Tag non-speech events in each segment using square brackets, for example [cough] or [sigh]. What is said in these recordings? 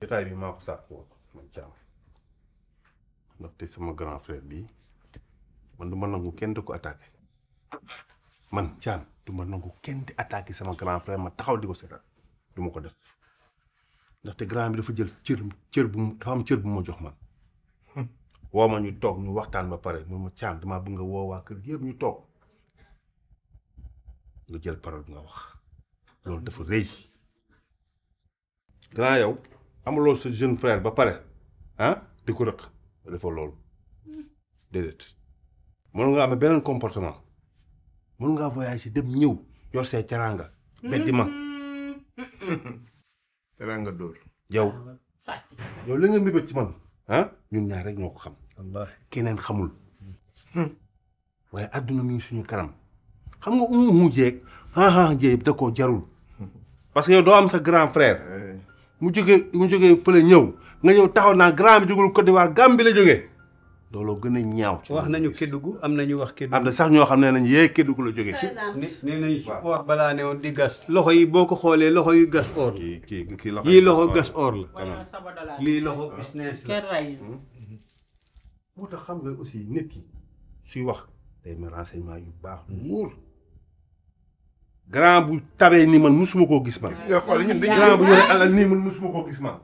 jotaay bi maa ko sàkk woon man caam ndaxte sama grand frère bi man du ma nangu kenn di ko attaqué man caam du ma nangu kenn di attaqué sama grand frère ma taxaw di ko seetaan du ma ko def ndaxte grand bi dafa jël cër cër bu dafa am cër bu ma jox man woo ma ñu toog ñu waxtaan ba pare mu ma caam damaa bëgg nga woo waa kër yëpp ñu toog nga jël bi nga wax loolu dafa rëy grand yow amuloo sa jeune frère ba pare ah di ko rëq dafa loolu déedéet mën nga amee beneen comportement mën ngaa voyager dem ñëw yor see teraanga beddi ma [laughs] teraanga dóor yow yow li nga mébét ci man ah ñun ñaar rek ñoo ko xam keneen xamul waaye adduna mi ngi suñu kanam xam nga umu mu jeeg xaaxaa jeeg da koo jarul [laughs] parce que yow doo am sa grand frère eh. mu jóge mu jógee fële ñëw nga ñëw taxaw naa grand bi ko Côte d'Ivoire Gambie la jóge looloo gën a ñaaw. wax nañu Kédougou am nañu wax Kédougou. am na sax ñoo xam ne nañ yee Kédougou la jóge nee balaa ne woon di gas. loxo yi boo ko xoolee loxo yu gas or. kii kii loxo yii loxo gas or la. lii loxo business la. Hmm? moo tax xam nga aussi nit yi suy wax day ma renseignement yu baax wóor. grand bu tabee ni man musuma koo gis man. a bu yore alal nii man musuma koo gis man.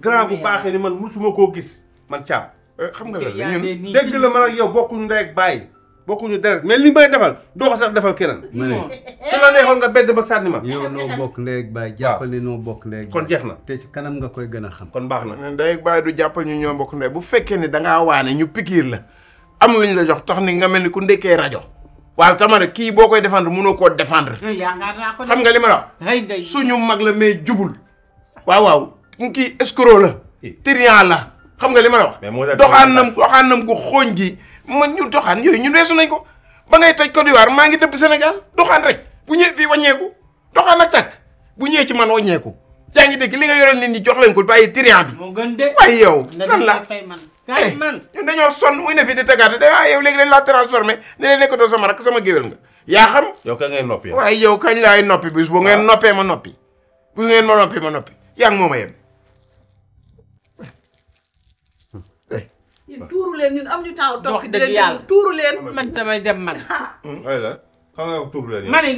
grand bu baaxee ni man musuma koo gis man caam. Eh, xam nga la ñun dégg la man yow bokkuñu ndey ak bàyyi bokkuñu deret mais li may defal doo ko sax defal keneen. ma ne su nga bedd ba sànni ma. yow noo bokk ndey ak bàyyi jàppal noo bokk ndey ak kon jeex na te ci nga koy gën a xam. kon baax na ndey ak bàyyi du jàppal ñu ñoo bokk ndey bu fekkee ni dangaa waane ñu pikiir la am luñ la jox tax ni nga mel ni ku ndekkee rajo waaw tamara kii boo koy défendre mënoo koo défendre. Eh, xam nga li ma la suñu mag la mais jubul. waaw waaw kii escroc la. Eh. trian la xam nga li ma la wax. mais doxaanam doxaanam ko xooñ gi man ñu doxaan yooyu ñu weesu nañ ko ba ngay tëj Côte d'Ivoire maa ngi dëpp Sénégal doxaan rek bu ñëwee fii wàññeeku doxaan ak takk bu ñëwee ci man wàññeeku yaa ngi dégg li nga yoreel nit ñi jox leen ko bàyyi trian bi. moo gën de waaye yow lan kaay eh, man ñun dañoo sonn muy ne fii di taggaate da ah, yow léegi dañ laa transformé ne leen nekkatoo sama rak sama géwél nga yow kañ ngay noppi waaye yow kañ ah. noppee ma noppi bu ngeen ma noppi ma noppi yaa ngi moo ma yem eh. yéen tuuru leen ñun am ñu temps toog fi di leen tuuru leen man damay [laughs] xam nga tur ma ne li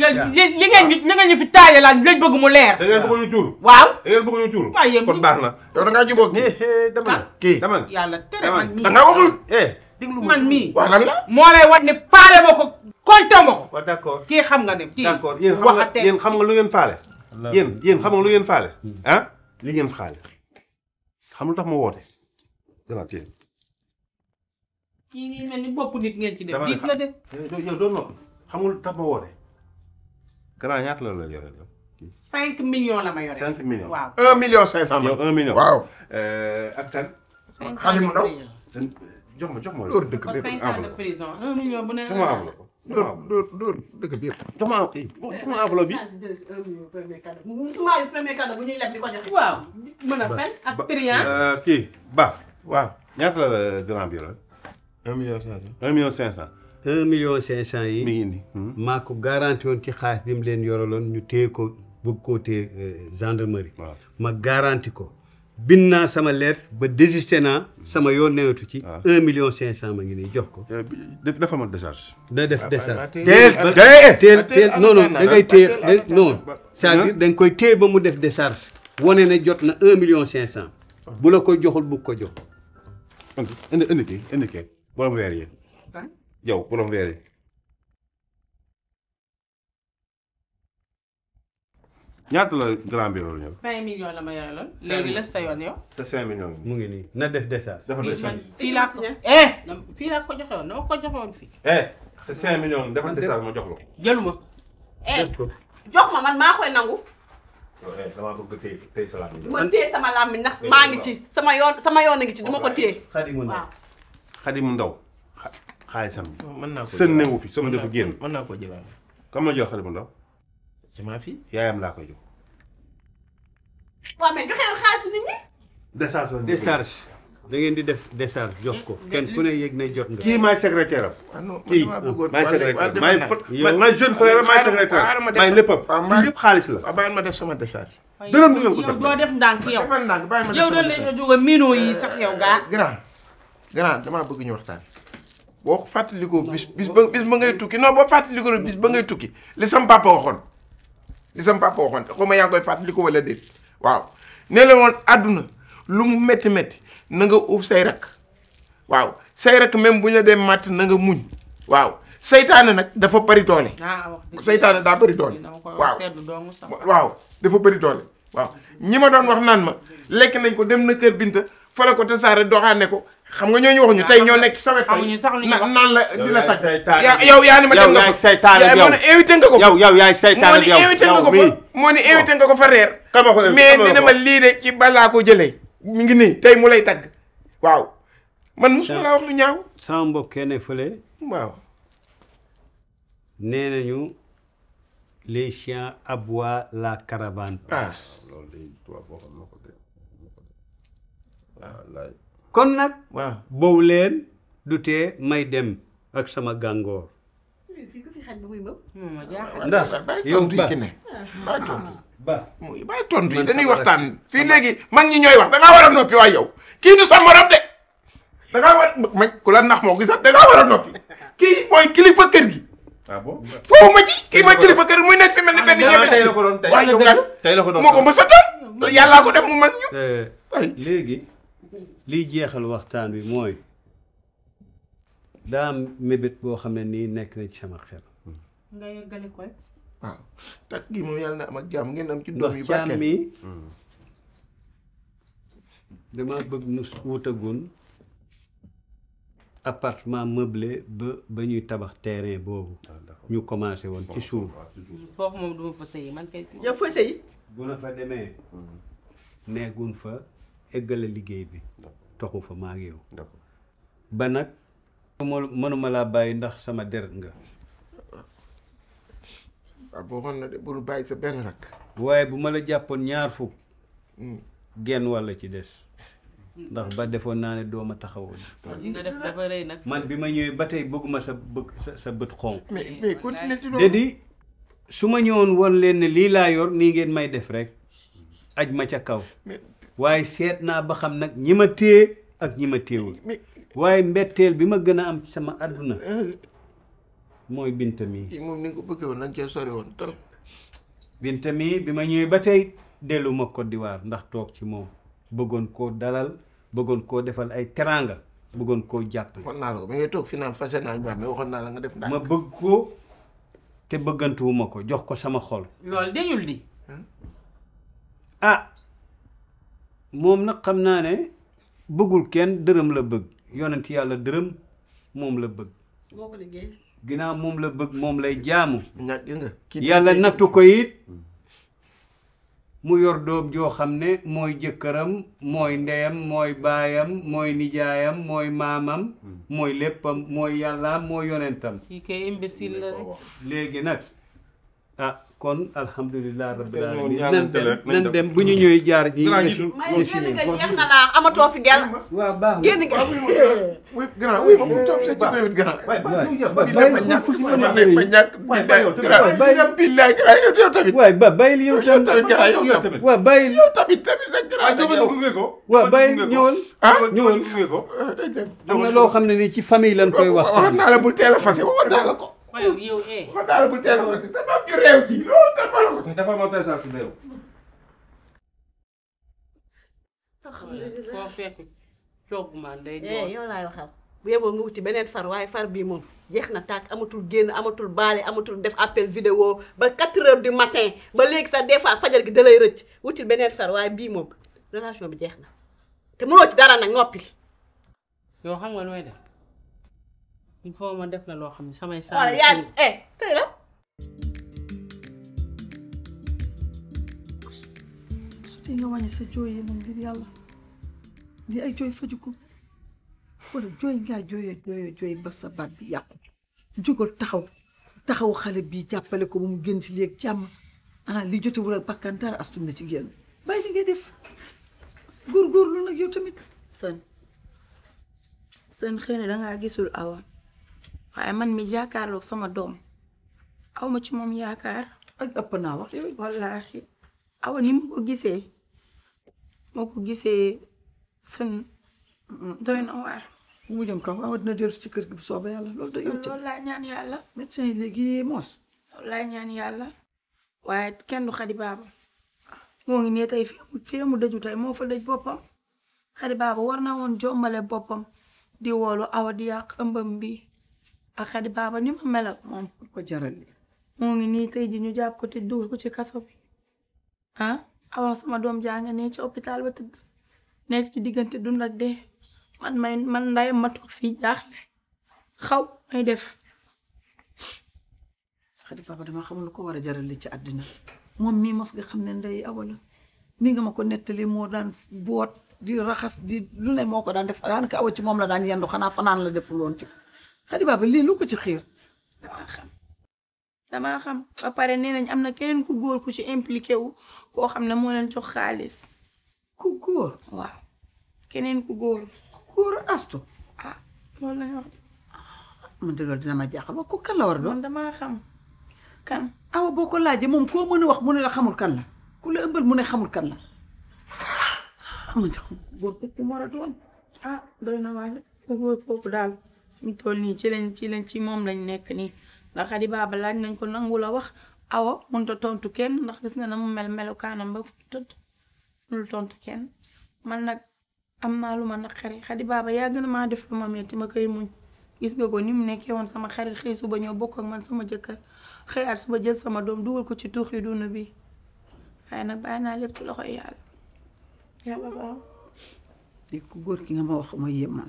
ngeen li ngeen fi taaye laaj lañ bëgg mu leer. da ngeen bëgg ñu tuur. waaw da ngeen bëgg ñu tuur. waaw yéen kon baax na. yow da ngaa jubóog dama ah, kii dama yàlla tere man mii da ngaa waxul. Eh, eh, déglu man mii waaw lan faale ma ko compté ma ko. waaw d' accord kii xam nga ne. kii waxate yéen xam nga lu ngeen faale. yéen yéen xam nga lu ngeen faale. Hmm. ah li ngeen faale xam lu tax ma woote kii ngi mel ni bopp nit ngeen ci def. gis nga de yow xamul tax ma woote. grand ñaata loolu la yore yow. cinq millions la ma yore. cinq millions un million cinq cent million waaw. Euh, ak kan. xale euh, oh, bi yëpp enveloppe bi un million premier cadeau. bu ñuy a fen ak priant. Euh, kii Ba. la grand bi yore. un cinq cent. un million cinq cent. un million cinq cent yi. mi ngi nii hmm. garanti woon ci xaalis bi mu leen yoraloon ñu téye ko bëgg koo téye euh, gendarmerie. ma garanti ko. bind naa sama lettre ba désisté naa sama yoon newatu ci. Ah. un million cinq cent ma ngi nii jox ko. Eh, dafa ma décharge. da def décharge teel ba teel teel non non da nga koy téye ba mu def décharge. wane ne jot na un million cinq cent. bu la koy joxul bu ko jox. yow borom weer yi ñaata la grand bi loolu ñëw. 5 mu ngi nii def décharge. dafa décharge fii laa ko eh fii ko joxe fii. eh sa 5 millions dafa décharge ma jox la ko. jëluma. eh jox ma man maa nangu. Eh, damaa bëgg sama laam bi ndax maa ngi ci sama yoon sama yoon a ngi ci du ko téye. xadi mu ndaw. xaalisam bi. mën naa ko génn. mën naa ko jëlaat. kam la jox xale bu ndaw. ci maa fi. yaayam di def décharge jox ko kenn ku na jot nga. kii maay secrétaire am. Ah kii xaalis la. waaw bàyyi ma def sama décharge. dërëm du yëngu doo def ndànk yow. yow doon lañ la jóg a miinoo yi sax yow gaa. grand damaa bëgg ñu waxtaan. boo fàttalikoo bis bis ba bis ngay tukki non boo fàttalikoo bis ba ngay tukki li sam papa waxoon li sam papa waxoon xaw ma yaa ngi koy fàttalikoo wala déet waaw ne la woon àdduna lu mu métti métti na nga uuf say rakk waaw say rakk bu ñu la dee màtt na nga muñ waaw seytaane nag dafa bëri doole. Ah, seytaane daa bëri doole. waaw waaw dafa bëri doole waaw. ñi ma doon wax naan ma lekk nañ ko dem na kër Binta fa la ko tasaare doxaane ko. xam nga ñooñu ñu tey ñoo nekk sa wet naan la di la tag yow yaa ni ma dem nga fa seytaane yow invité nga ko yow yow yaay seytaane yow invité ko fa moo ni invité nga ko fa reer mais dina ma lii de ci balaa ko jëlee mi ngi nii tey mu lay tagg waaw man mosuma laa wax lu ñaaw sama mbokk ne le waaw nee nañu les chiens aboient la caravane ah. Ah, kon nag waaw boobu leen du tee may dem ak sama gàngoor hmm, ndax yow ba ba bàyyi tontu yi dañuy waxtaan fii léegi mag ñi ñooy wax dangaa war a noppi waay yow kii du sa morom de da ngaa war ma nax moo gisat da a noppi kii mooy kilifa kër gi ah bon foofu ma ji kii mooy kilifa kër muy nekk fi mel ne ah, benn ñebe tey la ko doon tey ko doon moo ko mës a doon yàllaa ko def mu mag ñu eh, léegi liy jeexal waxtaan wi mooy daa mébét boo xam ne nii nekk na ci sama xel. nga yëgale ko takk gi moom yàlla na am ak jàmm ngeen am ci doom yu barke mi mm. dama bëgg nu wutagun appartement meublé ba ba ñuy tabax terrain boobu ah, ñu commencé woon ci suuf. foofu moom duma fa sëyi man kay. yow fa sëyi. bu na fa demee. Mm. neegun fa. eggale liggéey bi toxu fa maa ngi yow ba nag mënuma laa bàyyi ndax sama deret nga waaw ah, bàyyi sa benn rak waaye bu ma la jàppoon ñaar fukk hmm. genn walla ci des ndax ba defoon naa ne dooma taxawoon li nag man bi ma ñëwee ba tey bëgguma sa bëgg sa bët xonq mais di su ma ñëwoon woon leen ne lii laa yor nii ngeen may def rek aj ma ca kaw waaye seet naa ba xam nag ñi ma téye ak ñi ma téewul waaye mbetteel bi ma gën a am sama àdduna eh. mooy binta mii kii nañ cee sori woon trop binta mii bi ma ñëwee ba tey dellu ma Côte d'Ivoire ndax toog ci moom bëggoon koo dalal bëggoon koo defal ay teraanga bëggoon koo jàpp waxoon naa la ko ba ngay toog fi naan fase naa waxoon naa la nga def ndànk ma bëgg ko te bëggantuwuma ko jox ko sama xol loolu dañul di hmm? ah moom nag xam naa ne bëggul kenn dërëm la bëgg yonent yàlla dërëm moom la bëgg ginnaaw moom la bëgg moom lay jaamu yàlla nattu ko mu yor doom joo xam ne mooy jëkkëram mooy ndeyam mooy baayam mooy nijaayam mooy maamam hmm. mooy léppam mooy yàllaam mooy yonentam léegi nag ah kon alhamdulilah rabbil alamin nan dem bu ñu ñëwee jaar ji yesu yesu ni jeex na naa amatoo fi gel waaw baax génn nga wuy grand wuy ma mu toog sa jikko yit grand waay ba ma ñàkk sama nekk ma ñàkk billaay grand yow tamit waay ba bàyyil yow tamit yow tamit waaw bàyyil yow tamit tamit nag grand ko waaw bàyyil ñëwal ñëwal am na loo xam ne ni ci famille lan koy wax waxoon naa la bul teel a fase waxoon naa la ko ma yow eh. ma daal bu teel a ko si te doom ju réew ji loolu dafa la ko. dafa ma tey saa su réew. alhamdulilah foo fekk coog ma day. yow laay waxal. bu yeboo nga wuti beneen far waaye far bii moom jeex na tàkk amatul génn amatul baale amatul def appel vidéo ba 4 heures du matin ba léegi sax des fois fajar gi dalay rëcc wutil beneen far waaye bii moom relation bi jeex na te mënoo ci dara nag noppil. yoo xam nga nooy def. il faut ma def la loo xam ne samay. saa wala yaa sa jooyee moom ngir yàlla lii ay jooy faju ko wala jooy ngaa jooy ba sa baat bi yàqu. jógal taxaw taxaw xale bi jàppale ko ba mu génn ci léegi jàmm ah li jotewul ak bakkan dara astum na ci génn bàyyi li ngay def góorgóorlu nag yow tamit. sën sën xëy na dangaa gisul awa. waaye man mi jàkkaarloog sama doom aw ma ci moom yaakaar. ak ëpp naa wax yooyu. wallaahi awa ni ma ko gisee ma ko gisee sën. doy na waar. bu mu jëm kaw awa dina dellu ci kër gi bu soobee yàlla loolu da yow. loolu laa ñaan yàlla. médecin yi léegi moos. laa ñaan yàlla. waaye kenn du xadi baaba moo ngi ne tey fii mu dëju tey moo fa dëj boppam xadi baaba war na woon jombale boppam di woolu awa di yàq Akady Baba ni ma mel moom pour ko jaral li moo ngi nii tey ji ñu jàpp ko te dugal ko ci kaso bi ah avant sama doom jaa nga ne ci hôpital ba tëdd nekk ci diggante dund ak dee man may man ndayam ma toog fii jaaxle xaw may def Akady Baba dama xam lu ko war a jaral li ci àddina moom mii mos ga xam ne nday awala nii nga ma ko nettali moo daan boot di raxas di lu ne moo ko daan def daanaka ci moom la daan yendu xanaa fanaan la deful woon ci Xadi Baba lii lu ko ci xiir damaa xam damaa xam ba pare nee nañ am na keneen ku góor ku ci impliqué wu koo xam ne moo leen jox xaalis. ku góor waaw keneen ku góor. góor astu ah loolu la ñu ma jaaxal wax ko la war doon. man xam kan. awa boo ko laajee moom koo mën a wax mu xamul kan la ku mu ne xamul kan la. Ah, man de góor kooku moo war a doon ah doy na waay góor kooku daal. mu toll nii ci lañ ci lañ ci moom lañ nekk nii ndax Khady Baba laaj nañ ko nangu la wax awa mënut a tontu kenn ndax gis nga na mu mel melukaanam ba fu tëdd mënul tontu kenn man nag am naa lu ma naqari Khady Baba yaa gën a maa def lu ma metti ma koy muñ gis nga ko ni mu nekkee woon sama xarit xëy suba ñëw bokk ak man sama jëkkër xëyaat suba jël sama doom dugal ko ci tuux yi dund bi waaye nag bàyyi naa lépp ci loxo yàlla ko góor ki nga ma wax ma yéem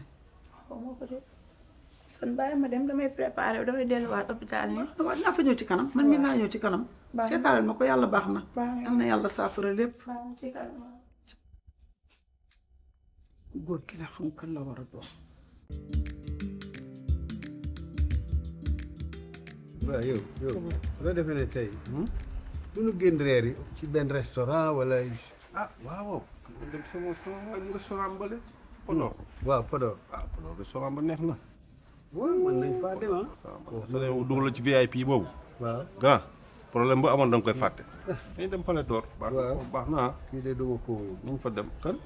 san bàyyi ma dem damay préparé damay delluwaat hôpital nii. naa fa ñëw ci kanam man mii naa ñëw ci kanam. baax seetaanal ma ko yàlla baax na. am na yàlla saafara lépp. góor ki la xam kan la war a doon. waaw yow yow hmm? ci benn restaurant wala. ah neex na. waaw mën nañ faa dem ah. dugal la ci VIP boobu. waaw grand problème bu amoon da nga koy fàtte. [laughs] dañu dem Palais d'Or. waaw baax na ah. kii de duma ko wuyu. nañ fa dem kan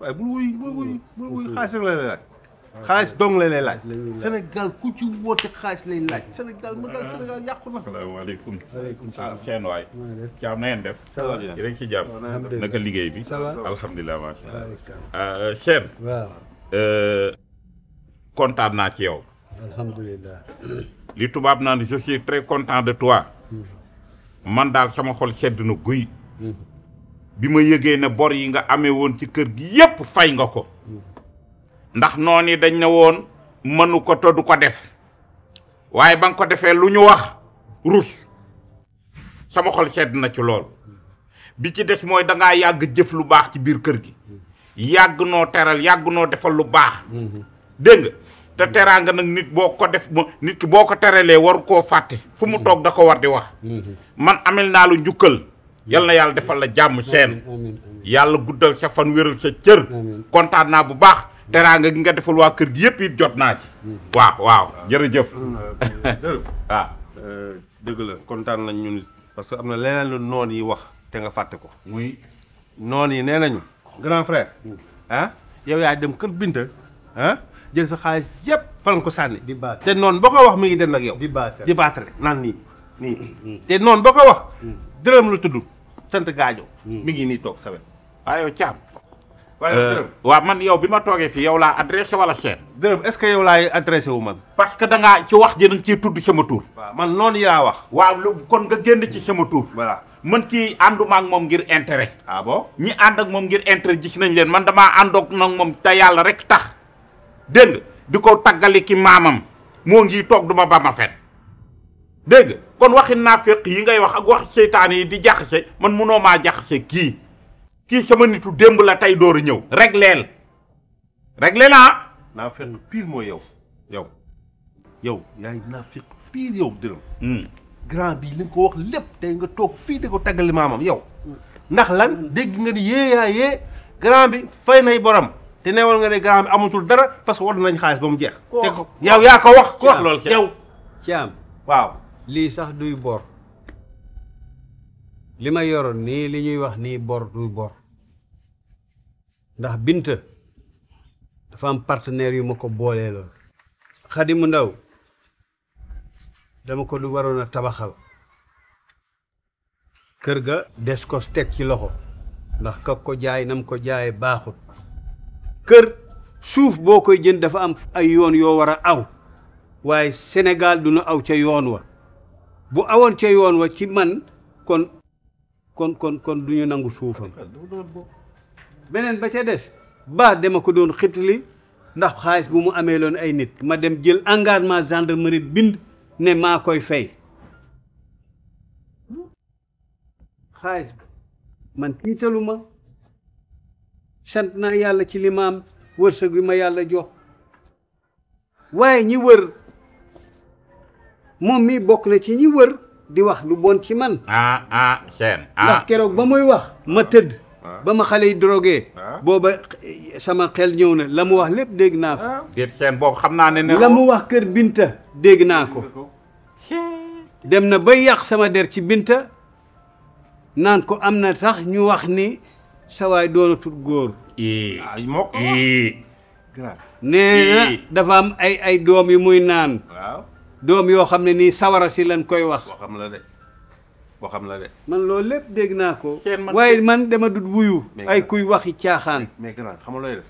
waaye bul wuyu bul wuyu bul wuyu hmm. xaalis rek lay laaj. xaalis dong lay laaj. Sénégal ku ci woote xaalis lay laaj. Sénégal mu daal Sénégal yàqu na. salaamaaleykum. waaleykum salaam ah, seen waay. jaam na ngeen def. rek ci jàmm. naka liggéey bi. ça va alhamdulilah macha allah. Ah, Cheikh. waaw. Euh, kontaan naa ci yow. alhamdulilah. li tubaab naa je suis très content de toi. man daal sama xol sedd na guy. bi ma yëgee ne bor yi nga amee woon ci kër gi yépp fay nga ko. ndax noonu dañ ne woon mënu ko to du ko def. waaye ba nga ko defee lu ñu wax rus. sama xol sedd na ci lool. bi ci des mooy da yàgg jëf lu baax ci biir kër gi. yàgg noo teral yàgg noo defal lu baax. Mm-hmm. dégg te teraanga nag nit boo ko def nit ki boo ko terelee war koo fàtte fu mu mm-hmm. toog da ko war di wax mm-hmm. man amel naa lu njukkal yal na yàlla defal la jàmm seen yàlla guddal sa fan wéral sa cër kontaan naa bu baax teraanga gi nga defal waa kër gi yëpp it jot naa ci mm-hmm. waaw waaw jërëjëf [laughs] waaw ah. euh, dëgg la kontaan nañ ñun parce que am na leneen lu noon yi wax te nga fàtte ko muy noon yi nee nañu grand frère mm. ah, yow yaa dem kër Binta ah jël sa xaalis yëpp fa ko sànni. di baat te noon boo ko wax mi ngi den ak yow. di baat di baat rek naan nii te noonu boo ko wax. Hmm. dërëm lu tudd tant gaajo. mu hmm. ngi nii toog sa wet. waaye yow Thiam. waaye euh, dërëm waaw man yow bi ma toogee fii yow laa adressé wala seen. dërëm est-ce que yow laay adressé wu man. parce que da ci wax ji da tudd sama tur. waaw man noonu yaa wax. waaw lu kon nga génn ci sama tur. voilà man kii ànduma ak moom ngir intérêt. ah ñi ànd ak moom ngir intérêt gis nañ leen man damaa àndoog nag moom yàlla rek tax dégg di ko taggali ki maamam moo ngi toog duma ba ma fen dégg kon waxi naaféq yi ngay wax ak wax seytaane yi di jaxase man munoo maa jaxase kii kii sama nitu démb la tey door a ñëw rek leel rek leel ah naaféq pire mooy yow yow yow hmm. grand bi li nga ko wax lépp tey nga toog fii di ko taggali maamam yow ndax lan hmm. dégg nga ni yéeyaa yee grand bi fay nay borom te neewal nga ne gaa bi amatul dara parce que war nañ xaalis ba mu jeex. te ko yow yaa ko wax. ku wax loolu yow. Thiam waaw. lii sax duy bor li ma yoroon nii li ñuy wax nii bor duy bor ndax Binta dafa am partenaire yu ma ko booleeloon lool. Xadi mu ndaw dama ko du waroon a tabaxal kër ga des ko teg ci loxo ndax kak ko jaay nam ko jaayee baaxut. kër suuf boo koy jën dafa am ay yoon yoo war a aw waaye Sénégal du nu aw ca yoon wa bu awoon ca yoon wa ci man kon kon kon kon du ñu nangu suufam beneen ba ca des baa dema ko doon xitli ndax xaalis bu mu amee loon ay nit ma dem jël engagement gendarmerie bind ne maa koy fay xaalis man tiitalu sant naa yàlla ci li ma am wërsëg wi ma yàlla jox waaye ñi wër moom mii bokk na ci ñi wër di wax lu bon ci man. ah ah seen ah keroog ba muy wax ma tëdd. Ah. ba ma xale yi drogué. Ah. booba eh, sama xel ñëw na la mu wax lépp dégg naa ko. Ah. seen boobu xam naa ne. la mu wax kër Binta dégg naa ko. dem na ba yàq sama der ci Binta naan ko am na sax ñu wax ni. sawaay doonatul góor moo ko nee na dafa am ay ay doom yu muy naan doom yoo xam ne nii sawara si lañ koy wax waxam la de waxam la man loolu lépp dégg naa ko waaye man dama dut wuyu ay kuy waxi caaxaan mais xam nga looy def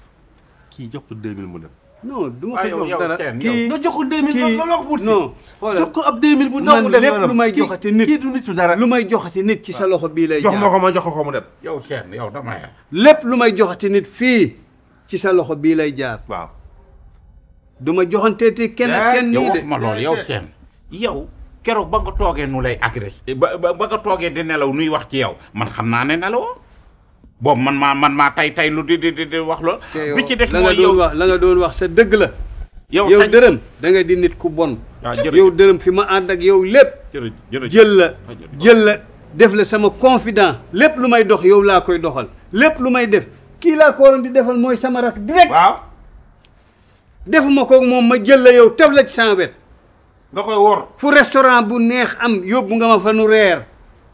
kii jox ko deux mille non du ma ah, ko jox dara kii nga jox ko 2000 kii non xoolal jox ko ab 2000 bu ndaw mu dem lépp lu may joxati nit kii du nit su dara lu may joxati nit ci sa loxo jox ma ko ma jox ko mu dem yow Cheikh yow dama lépp lu may joxati nit fii ci sa loxo bii lay jaar waaw duma ma joxanteeti kenn ak kenn nii de ma loolu yow Cheikh yow keroog ba nga toogee nu lay agressé ba nga toogee di nelaw nuy wax ci yow man xam naa ne nelawoo boobu man maa man maa tay tay lu di di di wax la. bi ci def mooy yow la nga doon wax sa dëgg la. yow yow dërëm da nga di nit ku bon. Ah, yow dërëm fi ma ànd ak yow lépp. jël la ah, jël la def la sama confident lépp lu may dox yow laa koy doxal lépp lu may def kii laa ko waroon di defal mooy sama rak direct. defuma ko moom ma jël la yow tef la ci sama wet. nga koy wor fu restaurant bu neex am yóbbu nga ma fa reer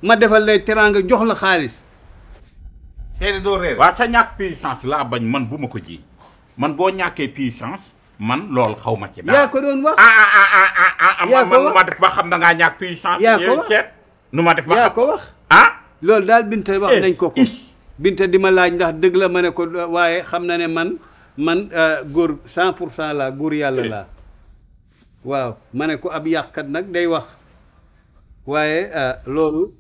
ma defal lay teraanga jox la xaalis. tey doo réer sa ñàkk puissance laa bañ man bu ma ko ji man boo ñàkkee puissance man lool xaw ma ci. yaa ko doon wax ah ah ba ah, xam ah, da ah, ngaa ñàkk puissance. yaa ko wax nu ma def ba xam yaa ko wax. ah loolu daal Binte wax eh, nañ ko ko. Binte di ma laaj ndax dëgg la ma ne ko waaye xam na ne man man euh, góor 100 pour cent laa góor yàlla eh. laa. waaw ma ne ko ab yàqkat nag day wax waaye euh, loolu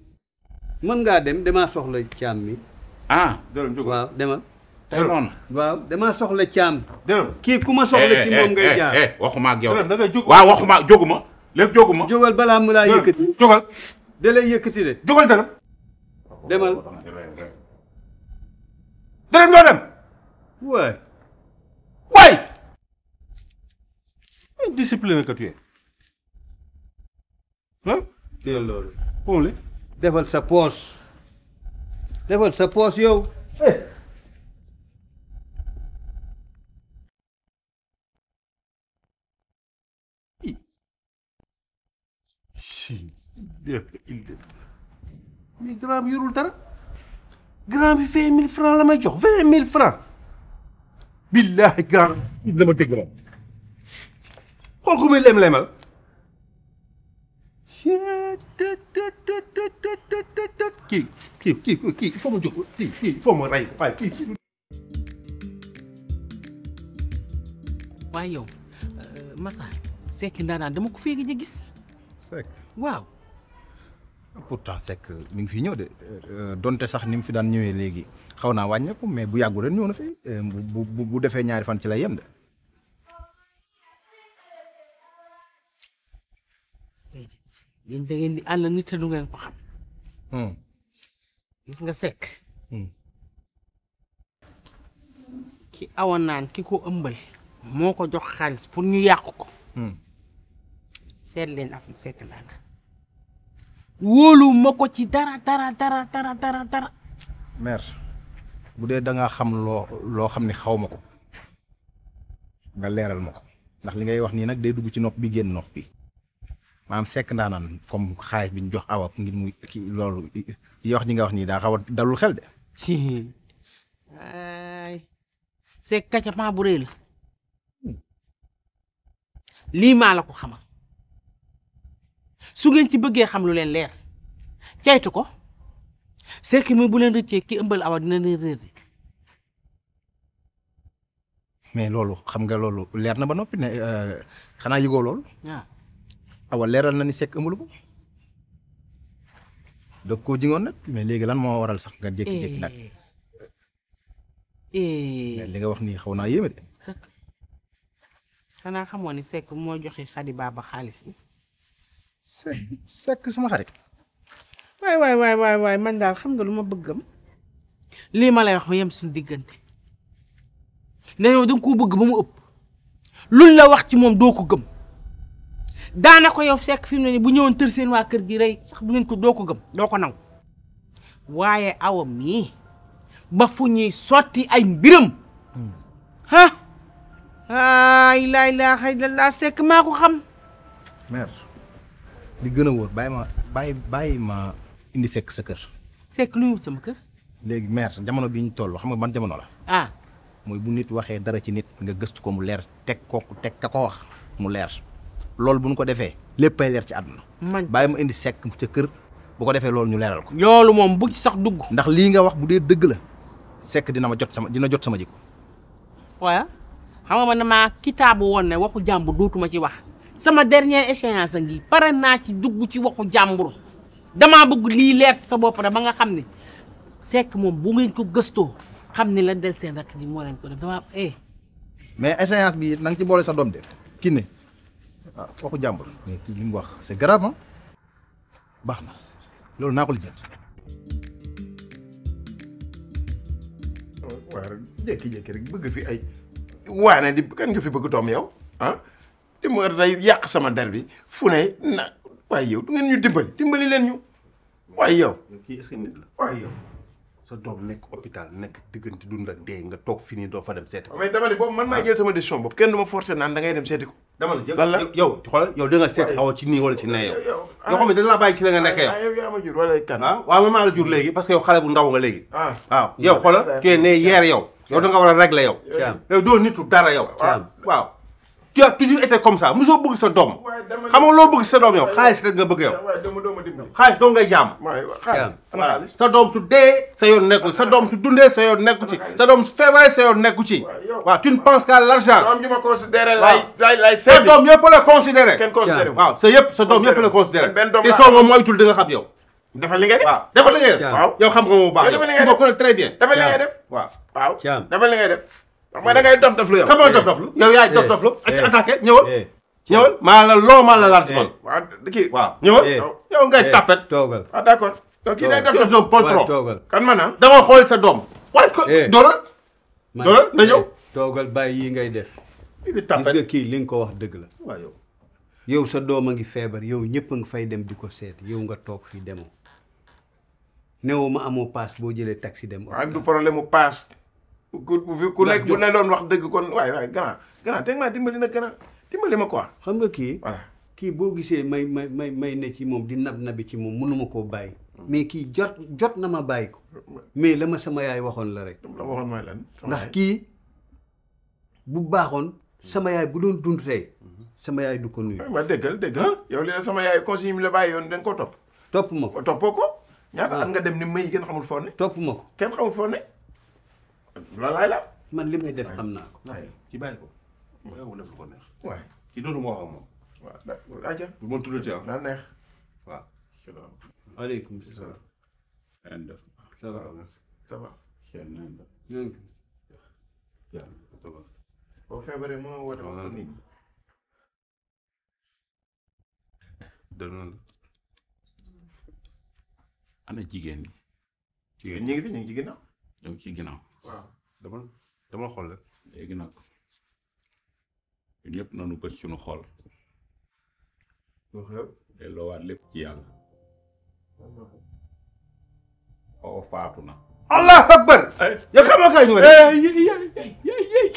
mën ngaa dem damaa soxla caam mi. ah waaw demal. tey noonu. waaw damaa soxla caam. kii ku ma soxla eh, ci eh, moom ngay eh, jaar. waxuma ak yow de waaw waxuma jóguma léegi jóguma. jógal balaa mu laa yëkkati. jógal da lay yëkkati de. jógal dara. demal. dërëm doo dem. waay. waay. discipline que tu es. ah. loolu. defal sa poos. Therefore, suppose you eh, mais grand bi yorul dara grand bi vingt mille francs la may jox vingt mille francs billaahi grand dama dégg ma xool ko muy lem-lemal kii kii kii kii il faut ma jóg waaye kii kii. waaye ndaanaan dama ko fee gëj a gis. Seck waaw. pourtant Seck mi ngi fi ñëw de donte sax ni mu fi daan ñëwee léegi xaw naa wàññeeku mais bu yàggu ren ñëw na fi bu bu bu defee ñaari fan ci lay yem de. yéen da ngeen di ànd nit te du ngeen ko xam. Hmm. gis nga sekk. Hmm. ki awa naan ki ko ëmbal. moo ko jox xaalis pour ñu yàqu ko. Hmm. seet leen affaire sekk laa naan. wóolu ma ko ci dara dara dara dara dara bu dee danga xam loo loo xam ne xaw ma ko nga leeral ma ko ndax li ngay wax nii nag day dugg ci nopp bi génn nopp bi. maanaam sekk ndaanaan fom xaay bi ñu jox awap ngir mu kii loolu yi wax ñi nga wax ni daa xaw a dalul xel de. ay sekk kacamaa bu rëy la hmm. lii maa la ko xamal su ngeen ci bëggee xam lu leen leer caytu ko sekk mi bu leen rëccee ki ëmbal awa dina leen réer di mais loolu xam nga loolu leer na ba noppi ne euh, xanaa yëgoo loolu. waaw. awa leeral na sekk ëmb ko dog koo jingoon nag mais léegi lan moo waral sax nga jékki-jékki nag. Eh. mais li nga wax nii xaw naa yéeme de. xanaa xamoo ne moo joxe xadi baaba xaalis bi. sekk sekk sama xarit. waay waay waaye waay man daal xam nga lu ma bëggam lii ma lay wax ma yem suñu diggante ne yow da nga koo bëgg ëpp luñ la wax ci moom doo ko gëm. daanaka yow sekk fi mu ne nii bu ñëwoon tër seen waa kër gi rey sax bu ngeen ko doo ko gëm doo ko naw waaye awa mii ba fu ñuy sotti ay mbiram hmm. ah laa ilaah ilaah illallah sekk maa ko xam. mère li gën a wóor bàyyi ma bàyyi ma indi sekk sa kër. sekk lu ñu sama kër. léegi mère jamono bi ñu toll xam nga ban jamono la. ah mooy bu nit waxee dara ci nit nga gëstu ko mu leer teg ko teg ka ko wax mu leer. loolu bu ñu ko defee léppay leer ci àdduna. baay ma indi sekk ca kër bu ko defee loolu ñu leeral ko. loolu moom bu ci sax dugg. ndax lii nga wax bu dee dëgg la sekk dina ma jot sama dina jot sama jikko. waaw xam nga man damaa kitaabu woon ne waxu jàmbur dootuma ci wax sama dernière échéance a ngi pare naa ci dugg ci waxu jàmbur damaa bëgg lii leer sa bopp da ba nga xam ne sekk moom bu ngeen ko gëstoo xam ne la del seen rakk ji moo leen ko def damaa eh. mais échéance bi na nga ci boole sa doom de kii ne. ah waxu jàmbur mais wax c'est grave ah baax na loolu naa ko li jënd. waaw jékki rek bëgg fi ay waane di kan nga fi bëgg toom yow ah di mu day yàq sama der bi fu ne na waaye yow du ngeen ñu dimbali dimbali leen ñu waaye yow. kii est sa doom nekk hôpital nekk diggante dund ak dee nga toog fii nii doo fa dem seeti ko. mais dama ne boobu man maa jël sama décision boobu kenn du ma forcer naan da ngay dem seeti ko. dama yow yow xoolal yow da nga seet xaw ci nii wala ci nee yow. yoo xam ne dañ la bàyyi ci la nga maa la jur léegi parce yow xale bu ndaw nga léegi. waaw yow xoolal tu es né yow. yow da war a régler yow. yow doo nitu dara yow. waaw. tu as toujours été comme ça mosoo bëgg sa doom. xam nga loo bëgg sa doom yow xaalis sa doom su dee. sa yoon nekku sa doom su dundee sa yoon nekku sa doom su feebaree sa yoon nekku ci waaw tu ne penses qu'à l'argent. sa doom yëpp la considéré. waaw sa doom yow. defal li nga def waaw defal yow xam nga moom bu yow. defal très bien. xam nga da ngay dof dof lu yow. xam nga dof eh. dof lu yow yaay dof dof lu. Eh. ak ci attaqué ñëwal. Eh. ñëwal maa la loo maa la laal si man. waaw kii waaw ñëwal. yow ngay tapet. toogal ah d' accord. kii ah? xool sa doom. waaye ko doolal. bàyyi ngay def. di nga kii li nga ko wax dëgg la. waaw yow. sa doom a ngi feebar yow ñëpp a nga fay dem di ko seet yow nga toog fii demoo. newoo ma amoo paas boo jëlee taxi dem. waaw du problème mu paas. ku ku nekk bu ne doon wax dëgg kon waaye waay grand grand teg maa dimbali na grand dimbali ma quoi. xam nga kii. kii boo gisee may may may may ne ci moom di nab nabi ci moom mënuma koo bàyyi. Mm. mais kii jot jot na ma bàyyi ko. mais la ma sama yaay waxoon la rek. la waxoon mooy lan. ndax kii bu baaxoon. Mm. sama yaay bu doon dund mm-hmm. sama yaay du ko nuyu. waaw déggal déggal yow li sama yaay consigne la bàyyi yoon da nga koo topp. topp ma ko toppoo ko. ñaata mm. at nga dem ni may yi kenn xamul foo ne. topp ma ko kenn xamul foo loolu laay la. man li may def xam naa ko. ci bàyyi ko. waaw def lu ko neex. waay ci doonu moo xam moom. waaw daa ja. bu ma tuddati ah. daa neex. waaw. salaamaaleykum salaam. na nga def. ça va. ça va. na nga def. yaa ça va. boo feebaree moo woote wax nit ñi. ana jigéen ñi. jigéen ñi ngi fi ñu ngi ci ginnaaw. ñu ngi ci ginnaaw. waaw dama dama xool rek. léegi nag ñun ñëpp nañu bës suñu xol. delloowaat lépp ci yàlla. oo faatu na. allah a yow xam nga kay ñu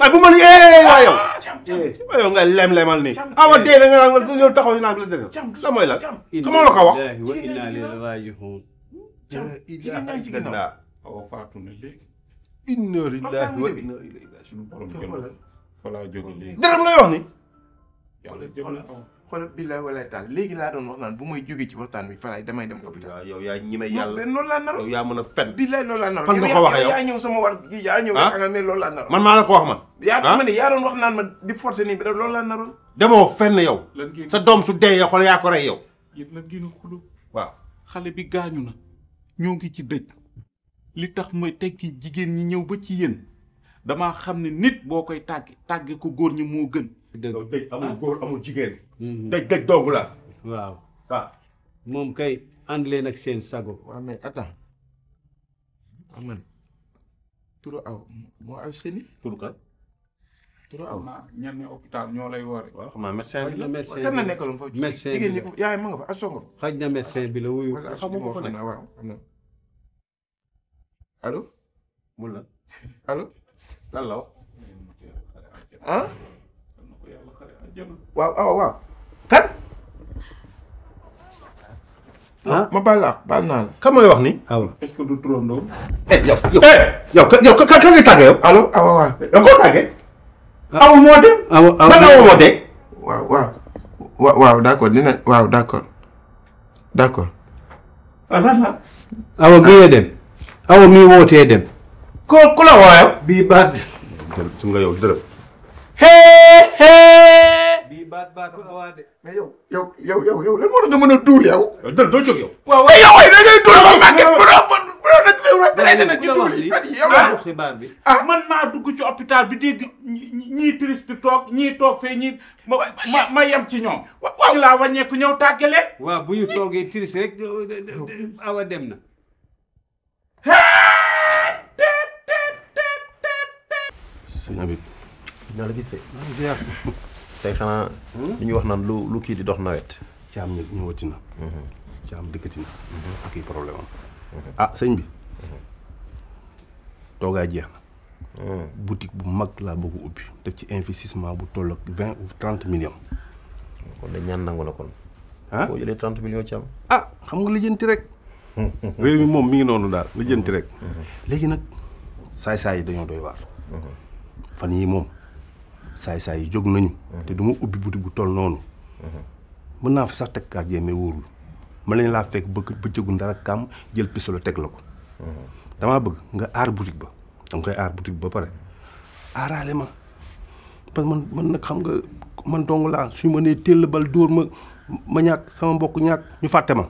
ay bu ma ni waa yow. Ah, yow nga lem lemal nii. awa ah, dee da nga naan yow taxaw ñu naan la dëgg. la mooy la xamoo la ko wax. inna lillahi wa inna ilayhi raji'un. oo faatu na léegi. inna lillahi wa inna ilayhi suñu borom jël fa laa jóge léegi dërëm ngay wax ni yàlla jël xoolal billahi walaay taal léegi laa doon wax naan bu may jógee ci waxtaan bi falaay damay dem hôpital yow yaa ñime yàlla loolu laa nar yow a fen billahi loolu laa nar fan nga ko waxee yow sama war ah? gi man maa la ko wax man yaa ah? ma ne yaa doon wax naan ma di forcé nii bi da loolu laa naroon demoo fenn yow sa doom su dee yow xool yaa ko rey yow yéen lan ngeen xuloo waaw xale bi gaañu na ñoo ngi ci dëj li tax may tekki jigéen ñi ñëw ba ci yéen damaa xam ne nit boo koy tàgge tàgge ko góor ñi moo gën. dëj amul amul jigéen. Mhm. dëj doogu la. waaw ah. moom kay ànd leen ak seen sago. waaw mais attends aman ah, turu aw moo aw seeni. turu kan. turu aw ma ñenn ñi ñoo lay woore. a xam naa médecin bi la kan la nekkaloon foofu. médecin bi la jigéen ñi yaay ma nga fa nga fa. xaj na médecin bi la wuyu. allo mun la allo lan la wax ah waaw awa waaw kan ah ma baal laa baal naa la kan mooy wax ni awa ah, est-ce que du turandoo eh, yow yow eh, yow ka ka nga tàggee yow allo awa ah, waaw yow koo tàggee ah. awa moo de man awa moo de waaw waaw waaw d'accord dina waaw d'accord d'accord awa gëyee dem awa mii wootee dem. ko ku la wooyo. bii baat. su nga yow dërëm. hee hee. bii baat baat yow nga mën a duul yow. yow dërëm doo jóg yow. waaw man maa dugg ci hôpital bi di ñii triste toog ñii toog fee ñii ma ma yem ci ñoom. waaw ci laa wàññeeku ñëw tàggale. waa bu ñu toogee triste rek awa dem na. sëñ Habib. dina la gis de. maa ngi ziar. tey xanaa. Hmm? li wax naan lu lu kii di dox nawet. caam ñu ñëwati na. Hmm. caam dëkkati na. Hmm. ak i problème am. ah sëñ bi. toogaay jeex na. boutique bu mag laa bëgg ubbi def ci investissement bu toll ak vingt ou trente millions. kon de ñaan nangu la kon. ah boo jëlee trente millions caam. ah xam nga lijjanti rek. réew mi moom mi ngi noonu daal lu rek léegi nag saay-saay yi dañoo doy waar fan yi moom saay-saay yi jóg nañu te du ma ubbi buti bu toll noonu mën naa fa sax teg gardien mais mën nañ laa fekk bëgg bëccëgu ndara kàmm jël pistolet teg la ko damaa bëgg nga aar boutique ba danga koy aar boutique ba pare aaraale ma parce man man nag xam nga man dong laa suñu ma nee téll bal dóor ma ma ñàkk sama mbokk ñàkk ñu fàtte ma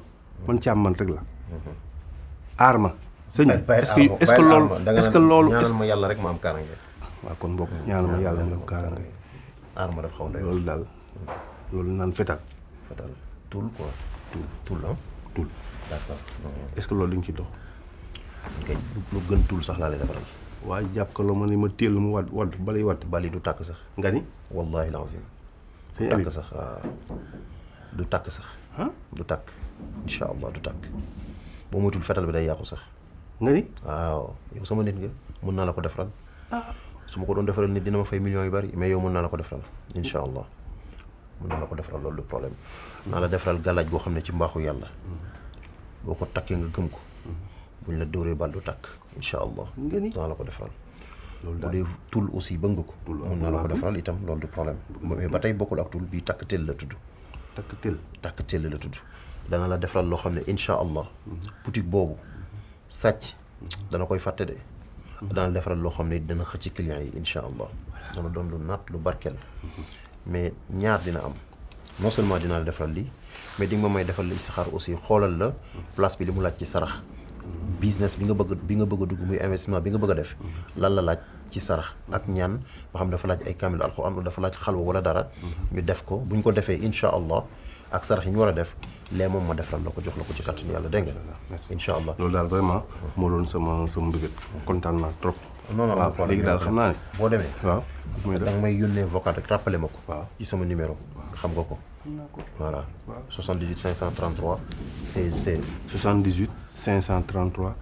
man càmm man rek la aar mm-hmm. ma sëñ bi est-ce que est-ce que loolu est-ce que loolu yàlla rek ma am ma yàlla xaw loolu daal loolu naan fetal fetal tul quoi tul tul ah loolu li ci dox kay lu gën tul sax laa lay defaral waaye jàpp ko loo ma ne ma téel mu wadd wadd bali wadd bali du tàkk sax nga ni wallaahi lazim du sax ah. du tàkk sax du tàkk incha allah du tàkk boo moytul fetal bi day yàqu sax. nga ni waaw yow sama nit nga mun naa la ko defaral. Ah. su ma ko doon defaral nit dina ma fay millions yu bari mais yow mun naa la ko defaral incha allah mun naa la ko defaral loolu du problème naa la defaral galaaj goo xam ne ci mbaaxu yàlla. Mm-hmm. boo ko takkee nga gëm ko. Mm-hmm. buñ la dóoree bal du tàkk incha allah. nga ni la ko defaral. loolu daal bu dee tul aussi bëgg ko. mun naa la ko defaral itam loolu du problème. mais ba tey bokkul ak tul bii takk teel la tuddu takk teel takk teel la tudd dana la defaral loo xam ne incha allah boutique boobu sàcc dana koy fàtte de dana la defaral loo xam ne dana xëcc clients yi incha allah dana doon lu naat lu barkel mais ñaar dina am non seulement dinaa la defaral lii mais di nga ma may defal li saxaar aussi xoolal la place bi li mu laaj ci sarax business bi nga bëgg bi nga bëgg a dugg muy investissement bi nga bëgg a def lan la laaj ci sarax ak ñaan ba xam dafa laaj ay kaamilu alxuraan dafa laaj xalwa wala dara mhm. ñu def ko buñ ko defee incha allah ak sarax yi ñu war a def lee moom ma defaral la ko jox la ko ci kàttanu yàlla dégg nga incha allah loolu daal vraiment mhm. moo doon sama sama kontaan naa trop non non waaw léegi xam naa ne boo demee waaw danga may yónnee vocal rek rappelé ma ko waaw ci sama numéro xam nga ko voilà 78 533 16 16 78 533.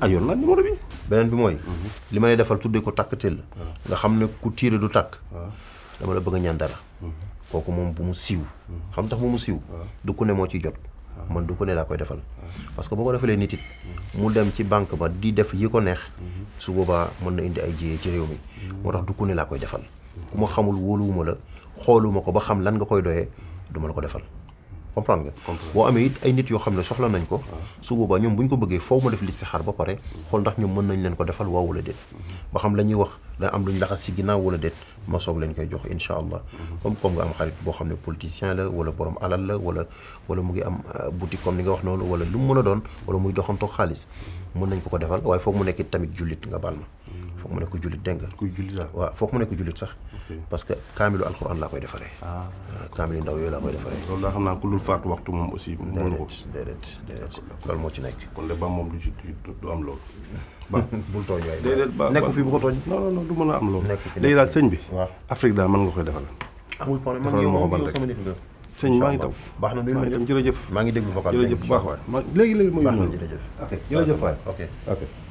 16 16 ah yor naa numéro beneen bi mooy. Mhm. li ma lay defal tuddee ko takk teel ah. nga xam ne ku tiire du takk. Ah. dama la bëgg a ñaan dara. Mhm. kooku moom bu mu siiw. Mhm. xam tax bu mu siiw. Ah. du ku ne moo ciy jot. man du ko ne laa koy defal parce que boo ko defalee nit it mu dem ci banque ba di def yi ko neex su boobaa mën na indi ay jiyee ci réew mi moo tax du ko ne laa koy defal ku ma xamul wóoluwuma la xooluma ko ba xam lan nga koy doyee duma la ko defal comprendre nga boo amee it ay nit yoo xam ne soxla nañ ko ah. su boobaa ñoom bu ñu ko bëggee foofu ma def listixaar ba pare xool ndax ñoom mën nañ leen ko defal waaw wala déet mm-hmm. ba xam la ñuy wax da am lu ñu laxas si ginnaaw wala déet ma masoog lañ koy jox incha allah mhm. comme comme nga am xarit boo xam ne politicien la wala borom alal la wala wala mu ngi am euh, buti comme li nga wax noonu wala lu mu mën a doon wala muy doxantoo xaalis mën nañ ko ko defal waaye foog mu nekk tamit jullit nga baal ma mhm. foog mu nekk ku jullit dégg nga foog mu nekk jullit sax parce que kaamilu alxuraan laa koy defaree ah. kaamilu ndaw yooyu laa koy defaree loolu daa xam naa ku lul faatu waxtu moom aussi déedéet déedéet déedéet ci nekk moom du ci ba [laughs] bul tooñ waay déedéet ba nekk fi bu ko tooñ non non non am loolu léegi daal sëñ bi Afrique daal mën nga koy defal man yow moom yow sama sëñ maa baax na maa ngi tam jërëjëf maa ngi déglu vocal jërëjëf bu baax waay léegi léegi ma yónnee jërëjëf ok jërëjëf